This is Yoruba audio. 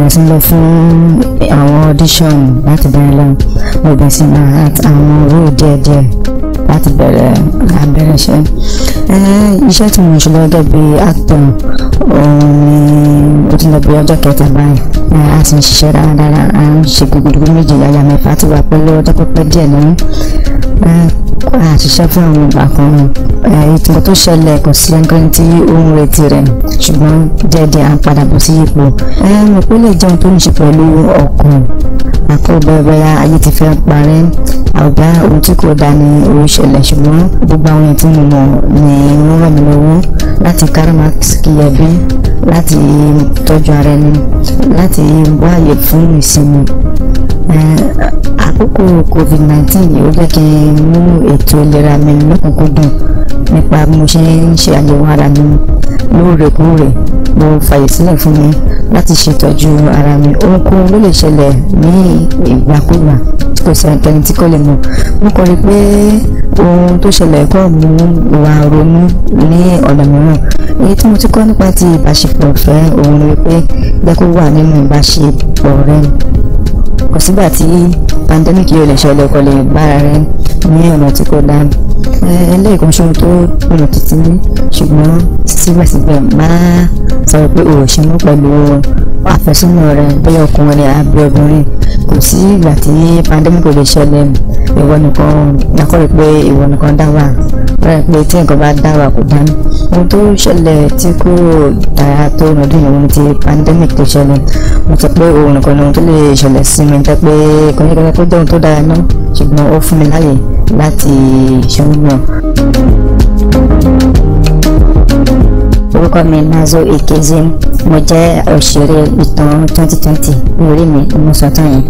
bẹ̀rẹ̀ sí lọ fún àwọn audition láti bẹ̀rẹ̀ lọ mo bẹ̀rẹ̀ sí máa at àwọn owó díẹ̀ díẹ̀ láti bẹ̀rẹ̀ abẹ́rẹ́ iṣẹ́ iṣẹ́ tí mo ń ṣe lọ́jọ́ bíi actor òun ni ó ti lọ bí ọjọ́ kẹta báyìí a sì ń ṣiṣẹ́ dáradára a ń ṣe gbogbo méjì yàyà mẹ́fà ti wà pẹ̀lú ọjọ́ pípẹ́ díẹ̀ lọ́wọ́ àṣìṣe mm. fún àwọn ìgbà kan náà ètò eh, tó ṣẹlẹ̀ kò sí ẹnikẹ́ni tí òun retí rẹ̀ ṣùgbọ́n jẹ́jẹ́ à ń padà bọ̀ sí ipò eh, mo jẹun tó ń ṣe pẹ̀lú ọkàn àkọ́bẹ̀rẹ̀ ayé ti fẹ́ parẹ́ àgbà ohun tí kò dáa orí ṣẹlẹ̀ ṣùgbọ́n gbogbo àwọn ètò mi mọ̀ ni wọ́n ràn mí lọ́wọ́ láti káràmásìkì ẹbí láti tọ́jú ara ẹni láti wáyè fún ìsinmi eh, àkókò covid-19 yìí ó jẹ́ kí n mú ètò ìlera mi lọ́kùnkúndùn nípa bí mo ṣe ń ṣe àyẹ̀wò ara mi lóòrèkóòrè mo fàyè sílẹ̀ fún mi láti ṣètọ́jú ara mi ohunkóhun ló lè ṣẹlẹ̀ ní ìgbàkúgbà tí kò sí ẹnikẹ́ni tí kò lè mọ̀ mo kọ́ rí pé ohun tó ṣẹlẹ̀ kọ́ mú wa ronú ní ọ̀nà mìíràn èyí tí mo ti kọ́ nípa ti ìbáṣepọ̀ ọ̀fẹ́ òun ni pé jẹ́ kó wà nínú ìbáṣepọ̀ rẹ kò sígbà tí pandemic yóò lè ṣẹlẹ̀ kò lè bára rẹ ní ọ̀nà tí kò dáa eléyìí kan ṣóhun tó ọ̀nà títí ní ṣùgbọ́n síbẹ̀síbẹ̀ máa sọ pé o ò ṣe mú pẹ̀lú àfẹ́sọ́nà rẹ bóyá ọkùnrin àbí obìnrin kò sí ìgbà tí pandemic ò lè ṣẹlẹ̀ ìwọ nìkan lakọ́rẹ́ pé ìwọ nìkan dá wà báyìí pé tí nǹkan bá dára kò dáná ohun tó ṣẹlẹ̀ tí kò dára tó ọdún yìí wọn ti pandemic tó ṣẹlẹ̀ mo sọ pé òun nìkan ni ohun tó lè ṣẹlẹ̀ sí mi jẹ́ pé kọ́nyẹ́kọ́nyẹ́ tó jẹ́ ohun tó dára náà ṣùgbọ́n ó fún mi láàyè láti ṣe ohun náà orúkọ mi nazo ekezim mo jẹ́ òṣèré ìtàn 2020 orí mi mo tán yẹn.